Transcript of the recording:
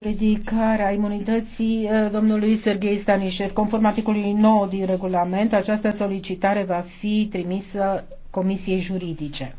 Ridicarea imunității uh, domnului Sergei Stanișev, conform articolului 9 din regulament, această solicitare va fi trimisă Comisiei Juridice.